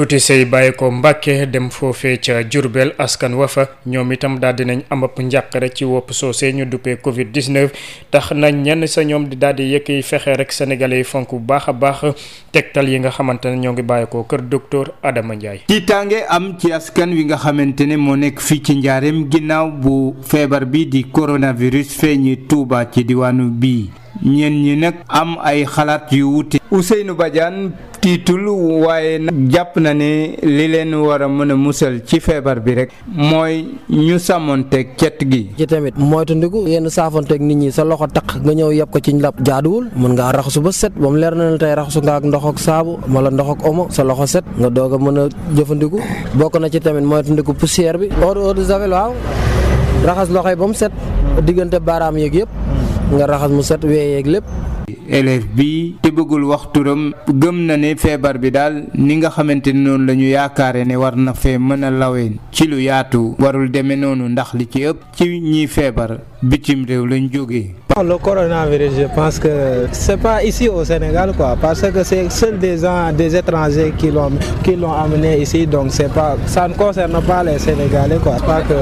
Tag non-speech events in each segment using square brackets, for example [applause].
tuuti sey bàyyi ko Mbàkke dem foofee ca Jurbel askan wa fa ñoom itam daal dinañ am ab njàqare ci wopp soosee ñu duppee Covid 19 tax na ñenn sa ñoom di daal di yëkk fexe rek sénégalais yi fonk bu baax a baax tegtal yi nga xamante ne ñoo ngi bàyyi ko kër docteur Adama Ndiaye. tiitaange am ci askan wi nga xamante ne moo nekk fii ci njaareem ginnaaw bu feebar bi di coronavirus feeñi Tuuba ci diwaanu bii. ñeen ñi nag am ay xalaat yu wuti wute Ousseynou Badiane tiitul waaye nag jàpp na ne li leen war a mën a musal ci feebar bi rek mooy ñu sàmmonteeg cet gi ci tamit mooy tandiku yenn saafonteeg nit ñi sa loxo taq nga ñëw yeb ko ci làpp jaaduwul mën ngaa raxasu ba set ba mu leer na ne tey raxasu nga ak ndox ak saabu wala ndox ak omo sa loxo set nga doog a mën a jëfandiku bokk na ci tamit mooy tandiku poussière bi eau de javel waaw raxas loxo yi ba mu set diggante baaraam yeeg yëpp nga raxas mu set weeyeeg lépp. élève bi te bëggul waxtu turam gëm na ne feebar bi daal ni nga xamante ne noonu la ñu yaakaare ne war na fee mën a lawee ci lu yaatu warul deme noonu ndax li ci ëpp ci ñiy feebar bitim réew lañ jógee. le coronavirus je pense que c'est pas ici au Sénégal quoi parce que c'est seuls des gens des étrangers qui l'ont qui l'ont amené ici donc c'est pas ça ne concerne pas les Sénégalais quoi pas que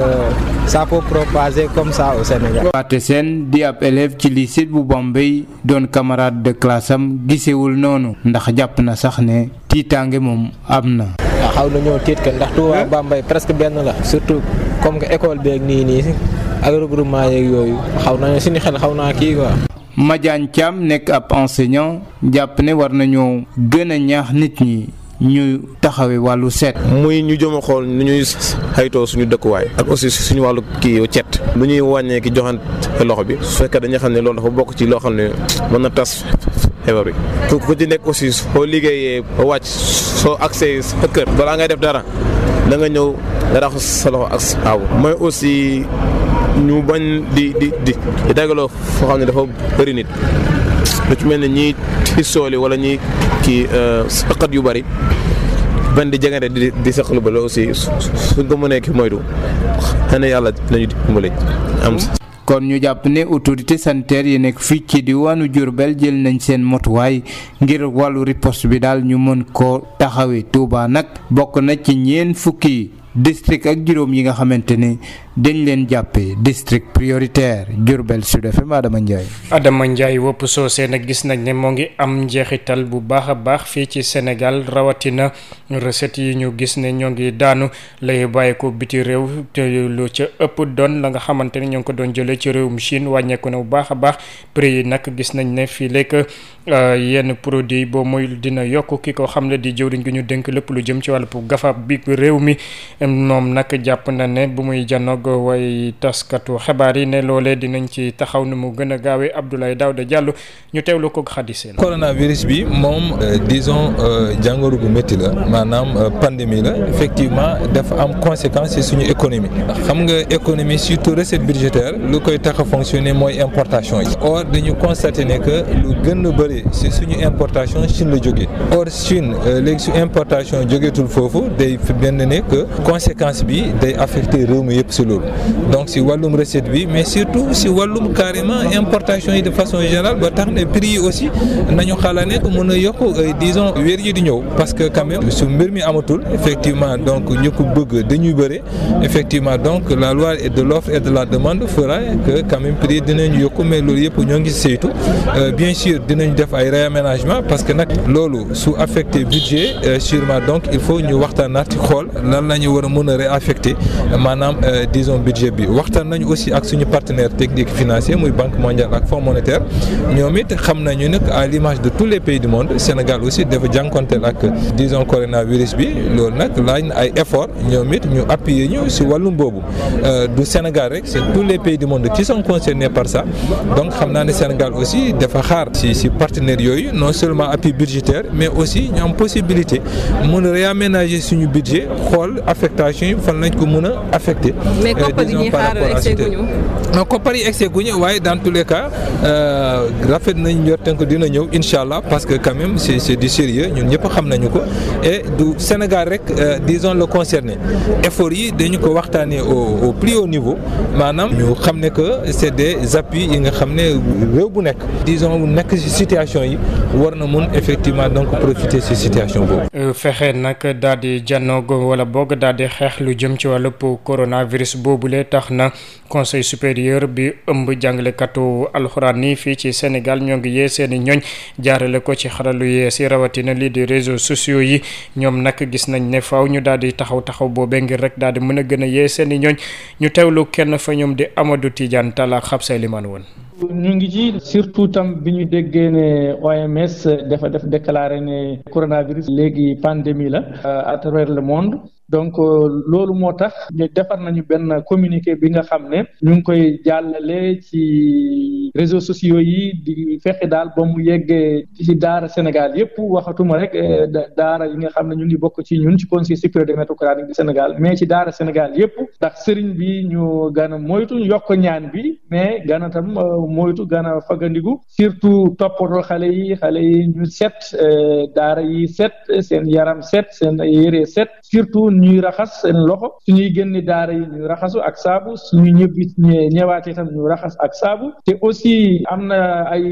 ça peut propager comme ça au Sénégal. Pathé Sène di ab élève ci lycée bu Bambey doon camarade de classe am gisewul noonu ndax jàpp na sax ne tiitaange moom am na. Ah, xaw na ñoo tiit que ndax Touba Bambey presque benn la surtout comme école beeg ak regroupement yeeg yooyu xaw na suñu xel xaw naa kii quoi. Madiagne Thiam nekk ab enseignant jàpp ne war nañoo gën a ñaax nit ñi. ñu taxawee wàllu seet. muy ñu jëm a xool nu ñuy xaytoo suñu dëkkuwaay ak aussi suñu wàllu kii cet lu ñuy wàññee ki joxante loxo bi su fekkee dañuy xam ne loolu dafa bokk ci loo xam ne mën na tas feebar bi ku ci nekk aussi soo liggéeyee wàcc soo accès sa kër balaa ngay def dara. da nga ñëw raxas sa loxo ak saabu mooy aussi ñu bañ di di di di dagaloo foo xam ne dafa bëri nit lu ci mel ne ñiy tisooli wala ñi kii euh, saqat yu bari ban di jegante di di saqalu ba la aussi suñ ko mënee ki moytu xëy yàlla nañu dimbali am kon ñu jàpp ne autorité sanitaire yi nekk fii ci diwaanu Diourbel jël nañ seen motuwaay ngir wàllu riposte bi daal ñu mën ko taxawee tuubaa nag bokk na ci ñeen fukki yi district ak juróom yi nga xamante ni dañ leen jàppee district prioritaire Diourbel Sud FM Adama Ndiaye. Adama Ndiaye wopp soosee nag gis nañ ne moo ngi am njeexital bu baax a baax fii ci Sénégal rawatina reset yi ñu gis ne ñoo ngi daanu lay bàyyi ko biti réew te lu ca ëpp doon la nga xamante ni ñoo ngi ko doon jëlee ci réewum Chine wàññeeku na bu baax a baax prix yi nag gis nañ ne fii lekk euh, yenn produit boo mooy dina yokk ki ko xam ne di jëw jëwriñ gi ñu dénk lépp lu jëm ci wàllu gafa bi réew mi. moom nag jàpp na ne bu muy janoog way taskatu xabaar yi ne loolee dinañ ci taxaw nu mu gën a gaawee Abdoulaye Daouda Diallo ñu teewlu ko xaddi seen. coronavirus bi moom euh, disons euh, jàngoro bu métti la maanaam euh, pandémie la effectivement dafa am conséquence ci suñu économie xam nga économie surtout recette budgétaire lu koy tax a mooy importation yi or dañu constater ne que lu gën a bëri ci suñu importation Chine la jógee or Chine léegi su importation jógeetul foofu day conséquence bi day affecté réew mi yëpp si loolu donc si wàllum recette bi mais surtout si wàllum carrément importation yi de façon générale ba tax ne prix yi aussi nañu xalaat ne que mën a yokk euh, disons weer yi di ñëw parce que quand su mbir mi amatul effectivement donc ñu ko bëgg dañuy bëre effectivement donc la loi de l'offre et de la demande fera que quand même prix dinañu yokku mais loolu yëpp ñoo ngi saytu euh, bien sûr dinañ def ay réaménagement parce que nag loolu su affecté budget euh, sûrement donc il faut ñu waxtaanaat xool war a mën euh, budget bi waxtaan nañu aussi ak suñu partenaire technique financier muy banque mondiale ak fonds monétaire ñoom xam nañu nag à l'image de tous les pays du monde Sénégal aussi dafa jànkonteel ak disons coronavirus bi loolu nag laaj na ay effort ñoom it ñu appuyer ñu si wàllum boobu euh, du Sénégal rek c'est tous les pays du monde qui sont concernés par ça donc xam naa ne Sénégal aussi dafa xaar si si partenaires yooyu non seulement appui budgétaire mais aussi a réaménager suñu budget affectation fan lañ ko mën a affecté. mais koppar euh, yi ñuy xaar exeguñu. non koppar yi exeguñu waaye dans tous les cas euh, rafet nañ njort ko dina ñëw incha allah parce que quand même c' est c' est du sérieux ñun ñëpp xam nañu ko et du Sénégal rek euh, disons le concerné effort yi dañu ko waxtaanee au au plus haut niveau maanaam ñu xam ne que c' est des appuis yi nga xam ne réew bu nekk di disons nekk si situation yi war na mun effectivement donc profiter si situation boobu. fexe di xeex lu jëm ci wàllub coronavirus boobule tax na conseil supérieur bi ëmb jàngalekatu alxuraan yi fii ci senegal ñoo ngi yee seeni ñoñ jaarale ko ci xaralu yee si rawatina li di réseaux sociaux yi ñoom nag gis nañ ne faw ñu daal di taxaw taxaw boobee ngir rek daal di mën a gën a yee seeni ñoñ ñu teewlu kenn fa ñoom di Amadou Tidiane Talla xab say liman woon ñu ngi ci surtout tam bi ñu déggee ne OMS dafa def déclaré ne coronavirus léegi la à donc euh, loolu moo tax ñu defar nañu benn communiqué bi nga xam ne ñu ngi koy jàllale ci réseaux sociaux yi di fexe daal ba mu yeggee ci daara Sénégal yépp waxatuma rek euh, daara yi nga xam ne ñu ngi bokk ci ñun ci conseil supérieur des maîtres Sénégal mais ci daara Sénégal yépp ndax sëriñ bi ñu gën a moytu yokk ñaan bi mais gën tam euh, moytu gën a fagandiku surtout toppatoo xale yi xale yi ñu set daara yi set seen yaram set seen yére set surtout ñuy raxas seen loxo su ñuy génn daara yi ñuy raxasu ak saabu suñuy ñëbbi ñëwaatee tam ñu raxas ak saabu te aussi am na ay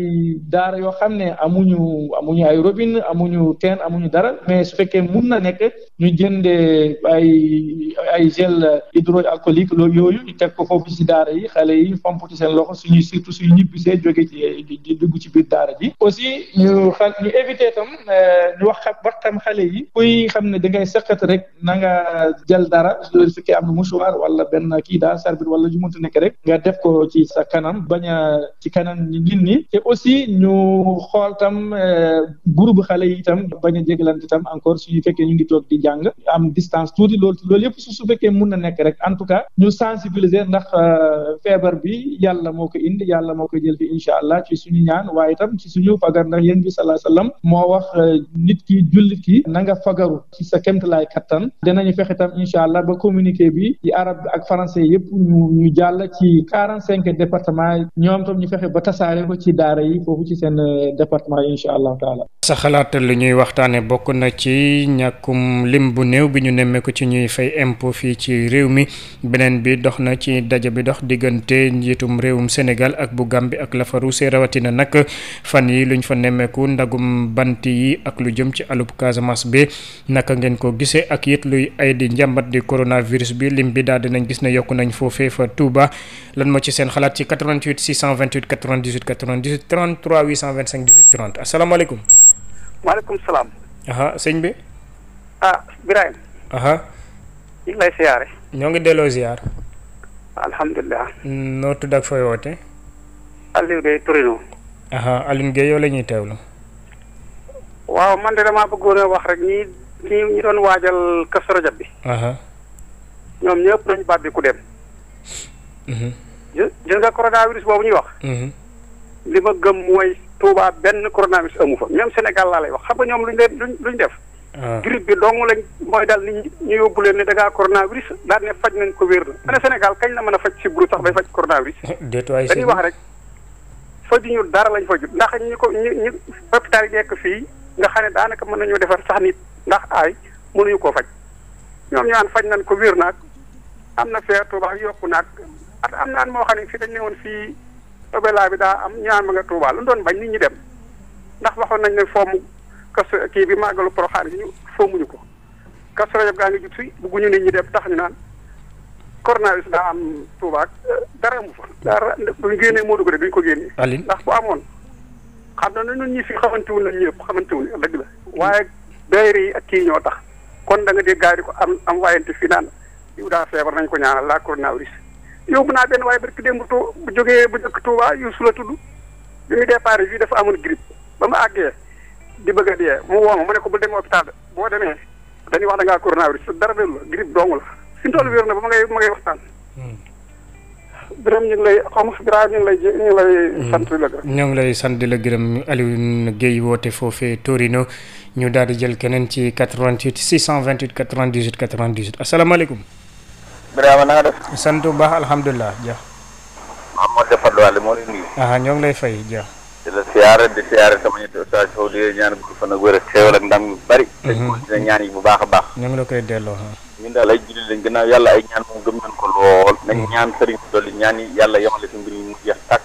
daara yoo xam ne amuñu amuñu ay robinet amuñu teen amuñu dara mais su fekkee mun na nekk ñu jëndee ay ay gel hydroalcoolique loolu yooyu ñu teg ko foofu ci daara yi xale yi fomp ci seen loxo suñuy surtout suñu ñibbisee jóge ci di dugg ci biir daara ji aussi ñu xam tam euh, ñu wax wax xale yi kuy xam ne dangay sëqat rek na jël dara lu fekkee am na mouchoir wala benn kii daal serviette wala ju mënta nekk rek nga def ko ci sa kanam bañ ci kanam nit ñi te aussi ñu xool tam euh, groupe xale yi itam bañ a itam encore suñu fekkee ñu ngi toog di jàng am distance tuuti loolu loolu yëpp su fekkee mun na nekk rek en tout cas ñu sensibiliser ndax euh, feebar bi yàlla moo ko indi yàlla moo ko jël fi incha allah ci suñu ñaan waaye itam ci suñu fagar ndax yéen bi sallallahu alayhi wasallam moo wax euh, nit ki jullit ki na nga fagaru ci sa kéemtalaay kattan dana nañu fexe tam ba communiqué bi yi arab ak français yëpp ñu jàll ci quarante cinq département ñoom tam ñu ba tasaare ko ci daara yi foofu ci seen euh, département yi incha allahu taala sa xalaat li ñuy waxtaane bokk na ci ñàkkum lim bu néew bi ñu nemmeeku ci ñuy fay impôt fii ci réew mi beneen bi dox na ci daje bi dox diggante njiitum réewum Sénégal ak bu Gàmbi ak lafaru see rawatina nag fan yi luñ fa nemmeeku ndagum bant yi ak lu jëm ci alub Casamance bi naka ngeen ko gisee ak it luy ay di njàmbat di coronavirus bi lim bi daal dinañ gis ne yokku nañ foofee fa Touba lan moo ci seen xalaat ci 88 628 98 98 33 825 18 30 asalaamaaleykum. maaleykum salaam. aha sëñ bi. ah Birahim. aha. ñu lay siyaare. ñoo ngi delloo ziar. alhamdulilah. noo tudd ak fooy woote. Aliou yow la ñuy teewlu. waaw man de damaa bëggoon wax rek nii. ñi ñu doon waajal Kazu Rajab bi. ñoom ñëpp dañu bàbbi ku dem. Mhm. gis nga coronavirus boobu ñuy wax. Mhm. li ma gëm mooy Touba benn coronavirus amu fa même Sénégal laa lay wax xam nga ñoom luñ leen luñ def. Ah. grippe bi dong lañ mooy dal ni ñu yóbbu leen ne da ngaa coronavirus daal ne faj nañ ko wér na. ana Sénégal kañ na mën a faj si buru sax bay faj coronavirus. [laughs] dañuy wax rek ñu dara lañ fajut ndax ñi ko ñi ñi hôpital yi fii. nga xam ne daanaka mën nañoo defar sax nit ndax aay mënuñu koo faj ñoom ñaan faj nañ ko wér nag am na feer Tuubaa yokku naag at am naan moo xam ne fii dañ ne woon fii obela bi daa am ñaan ba nga Tuubaa lu doon bañ nit ñi dem ndax waxoon nañ ne fomm kaso kii bi màggalu Poroxaan gi ñu ko kaso rajo gaa ngi jut si bugguñu nit ñi dem tax ñu naan daa am Tuubaa dara mu fa dara bu ñu génnee moo dugg duñ ko génnee ndax bu amoon xam na ñun ñi fi xamante wu nañ ñëpp xamante wu dëgg la waaye daayira yi ak kii ñoo tax kon da nga dégg ko am am waayante fi naan daa feebar nañ ko ñaanal la coronavirus. yow bu naa benn waaye barki démb too bu jógee bu njëkk Touba Youssou la tudd bi muy départ fii dafa amoon grippe ba ma àggee di bëgg a dee mu woo ma mu ne ko bu demee hôpital boo demee dañuy wax da ngaa coronavirus dara dellu la grippe doomu la fi mu toll wér na ba ma ngay ma ngay waxtaan. Hmm. Birame ñu ngi lay mm-hmm. sant di la gërëm. ñoo ngi lay sant di la gërëm Alioune Guèye woote foofee Torino ñu daal di jël keneen ci 88 628 98 98 asalaamaaleykum. Birame na nga def. sant bu baax alhamdulilah Dia. Amadou Fadou Wale ñoo ngi lay fay Dia. di la siyaara di siyaara sama ñetti oustaz Sow di ñaan gudd fan ak wér ak xéewal ak ndam yu bari te mhm. dina ñaan yi bu baax a baax ñu ngi la koy delloo ñun daal ay jullit lañ gannaaw yàlla ay ñaan moom gëm nañ ko lool mhm. nañ ñaan sëriñ bi dolli ñaan yi yàlla yemale si mbir yi mu jeex tàkk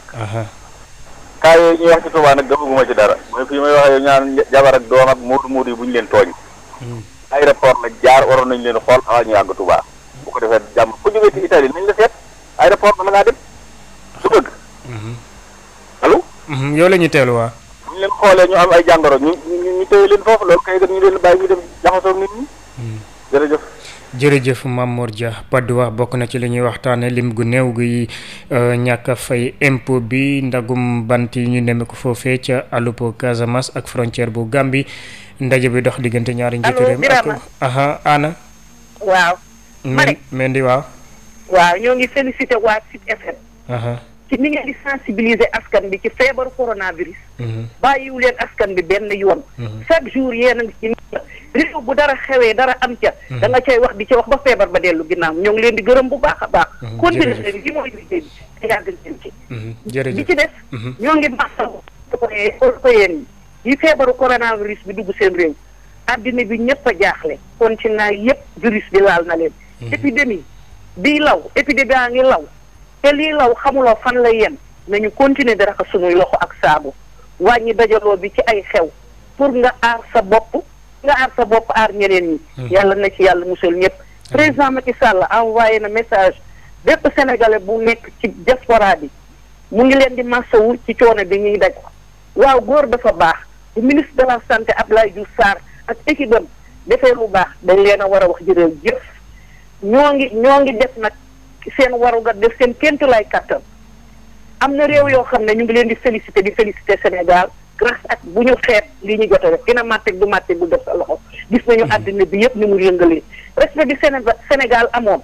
kaa yooyu ñuy wax ci Tuubaa nag gëmaguma ci dara mooy fii may waxee ñaan jabar ak doom ak moodu yi bu ñu leen tooñ mhm. aéroport nag jaar waroon nañ leen xool avant ñu àgg Tuubaa bu ko defee jàmm bu jógee ci Italie nañ yow la ñuy teelu waa ñu leen xoolee ñu am ay jàngoro ñu ñu téye leen foofu loolu kay ñu leen bàyyi dem jaxasoo nit ñi hmm. jërëjëf jërëjëf Mamour Dia bokk na ci li ñuy waxtaane lim gu néew gi euh, ñàkk fay impôt bi ndagum bant yi ñu nemme ko foofee ca alupo Casamance ak frontière bu Gambie ndaje bi dox diggante ñaari njiitu réew mi aha ana waaw ma ne waaw waaw ñoo ngi félicité waa Sud FM ci ni ngeen di sensibiliser askan bi ci feebaru coronavirus. Mhm. bàyyiwu leen askan bi benn yoon. Mhm. chaque jour yéen a ngi ci réew bu dara xewee dara am ca. Mhm. danga nga wax di ca wax ba feebar ba dellu ginnaaw ñoo ngi leen di gërëm bu baax a baax. continué leen li mooy ci. def ñoo ngi masawu européen yi feebaru coronavirus bi dugg seen réew. àddina bi ñëpp a jaaxle continent yëpp virus bi laal na leen. épidémie biy law épidémie a ngi law. te lii law xamuloo fan la yenn nañu continuer di raxas sunuy loxo ak saabu wàññi dajaloo bi ci ay xew pour nga aar sa bopp nga aar sa bopp aar ñeneen ñi. Hmm. yàlla na ci yàlla musal ñëpp. Hmm. président Macky Sall envoyé na message bépp sénégalais bu nekk ci diaspora bi mu ngi leen di massawu ci coono bi ñuy daj waaw góor dafa baax bu ministre de la santé Abdoulaye Diouf Sarr ak équipe am defee lu baax dañ leen a war a wax jërëjëf ñoo ngi ñoo ngi def nag. seen warugar def seen kéntu lay kattan am na réew yoo xam ne ñu ngi leen di félicité di félicité Sénégal grâce ak bu ñu xeet li ñu jot rek def dina màtteeg du màtteeg bu def sa loxo gis nañu mhm. àddina bi yëpp ni mu yëngalee respect bi Sénégal amoon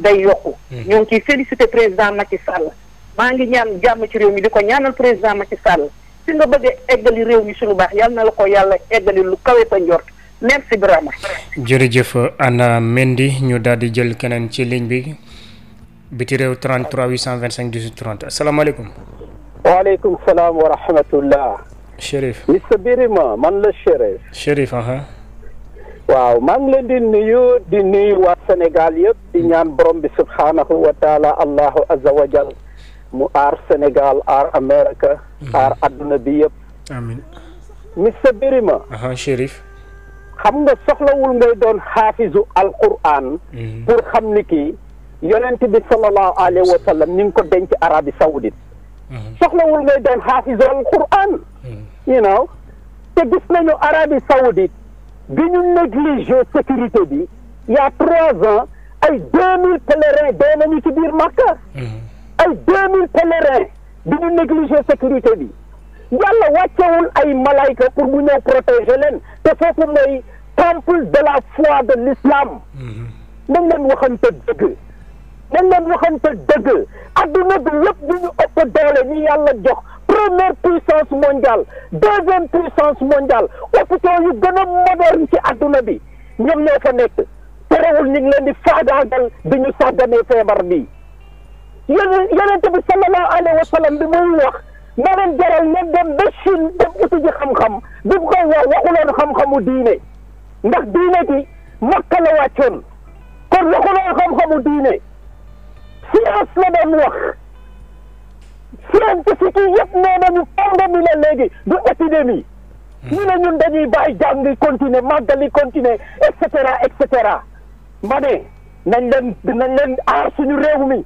day yokku mhm. ñoo ngi ciy félicité président Macky Sall maa ngi ñaan jàmm ci réew mi di ko ñaanal président Macky Sall si nga bëggee eggali réew mi suñu baax yàlla na la ko yàlla eggali lu kawe sa njort merci Birama jërëjëf Anna Mendy ñu daal di jël keneen ci ligne bi biti réew 33 825 18 30 asalaamaaleykum. waaleykum salaam wa rahmatullah. Chérif. Mister man la Chérif. Chérif aha. waaw maa ngi leen di nuyu di nuyu waa Sénégal yëpp di ñaan borom bi subhaanahu wa taala allahu azza wa jal mu aar Sénégal aar Amérique mhm. aar adduna bi yëpp. amiin. Mister Birima. aha Chérif. xam nga soxlawul ngay doon xaafisu Alqur'an. Mhm. pour xam ni yonent bi sallallahu alayhi wa sallam ñu ngi ko denc Arabie Saoudite mhm. soxlawul ngay dem xaafisal Quran mhm. you know te gis nañu Arabie Saoudite bi ñu négligé sécurité bi il y a trois ay deux mille pèlerins dee nañu ci biir Makka mhm. ay de mille pèlerins bi ñu négligé sécurité bi yàlla wàccewul ay malayka pour mu ñëw protéger leen te foofu mooy temple de la foi de l'islam nañ leen waxante dëgg dañ leen waxante dëgg adduna bi yëpp bi ñu ëpp doole ñu yàlla jox première puissance mondiale deuxième puissance mondiale hôpitaux yu gën a moderne ci adduna bi ñoom ñoo fa nekk terewul ñu ngi leen di faagaagal bi ñu sàgganee feebar bi yeneen yeneen bi sallallahu alayhi wa sallam bi muy wax na leen jaral leen dem ba Chine dem uti ji xam-xam bi mu koy wax waxu xam-xamu diine ndax diine gi Makka la wàccoon kon waxu leen xam-xamu diine. science la doon wax scientifique yi yëpp nee nañu pandémie la léegi du épidémie hmm. ñu ne ñun dañuy bàyyi jàng continuer màggali continuer et cetera et cetera ma ne nañ leen nañ leen aar suñu réew mi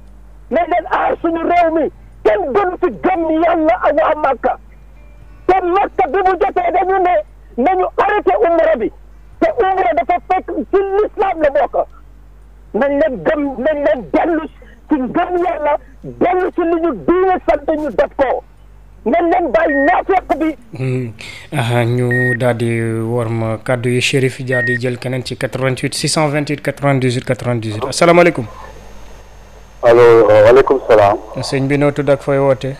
nañ leen aar suñu réew mi kenn gënu ci gëm yàlla ak waa Màkka te Màkka bi mu jotee dañu ne nañu arrêté umra bi te umra dafa fekk ci l'islam la bokk nañ leen gëm nañ leen dellu ci ngëm yàlla dellu ci li ñu diine sant ñu def ko nan leen bàyyi naafeq bi. Hmm. ñu daal di war ma kàddu yi Chérif daal di jël keneen ci 88 628 98 98 asalaamaaleykum. allo euh, waaleykum salaam. sëñ bi noo tudd ak fooy wootee.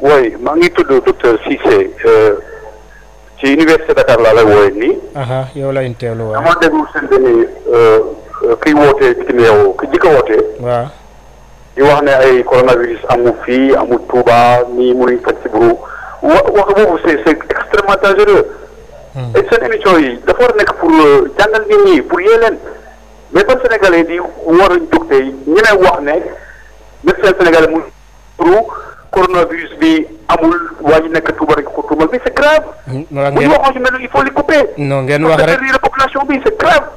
oui maa ngi tudd docteur Cissé euh, ci université Dakar laa lay wooyee nii. yow lay teewlu waaw. dama déglu ci euh, néew ki jëkk a wootee. di wax ne ay coronavirus amul fii amul Touba nii mënuñ faj ci buru wa wax boobu c'est c'est extrêmement dangereux hmm. et seen émission yi dafa war nekk pour euh, jàngal nit ñi pour yee leen mais ba Sénégalais di war a jóg tey ñu ne wax ne médecin sénégalais mu turu coronavirus bi amul waa ñu nekk Touba rek ko tuumal bi c'est grave. bu ñu waxoon ci mel il faut li ngeen wax rek bi se grave.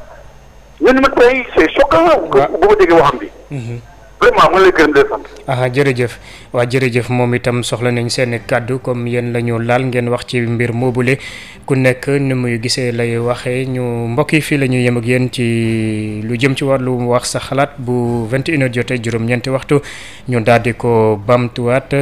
ñun ma tey c'est choquant. waaw bu waxam bi. Hmm. jërëjëf waa jërëjëf moom itam soxla nañ seen kàddu comme yéen la laal ngeen wax ci mbir moobule ku nekk ni muy gisee lay waxee ñu mbokk yi fii la ñuy yem ak yéen ci lu jëm ci wàllu wax sa xalaat bu 21h jotee juróom-ñeenti waxtu ñu daal di ko bamtuwaat.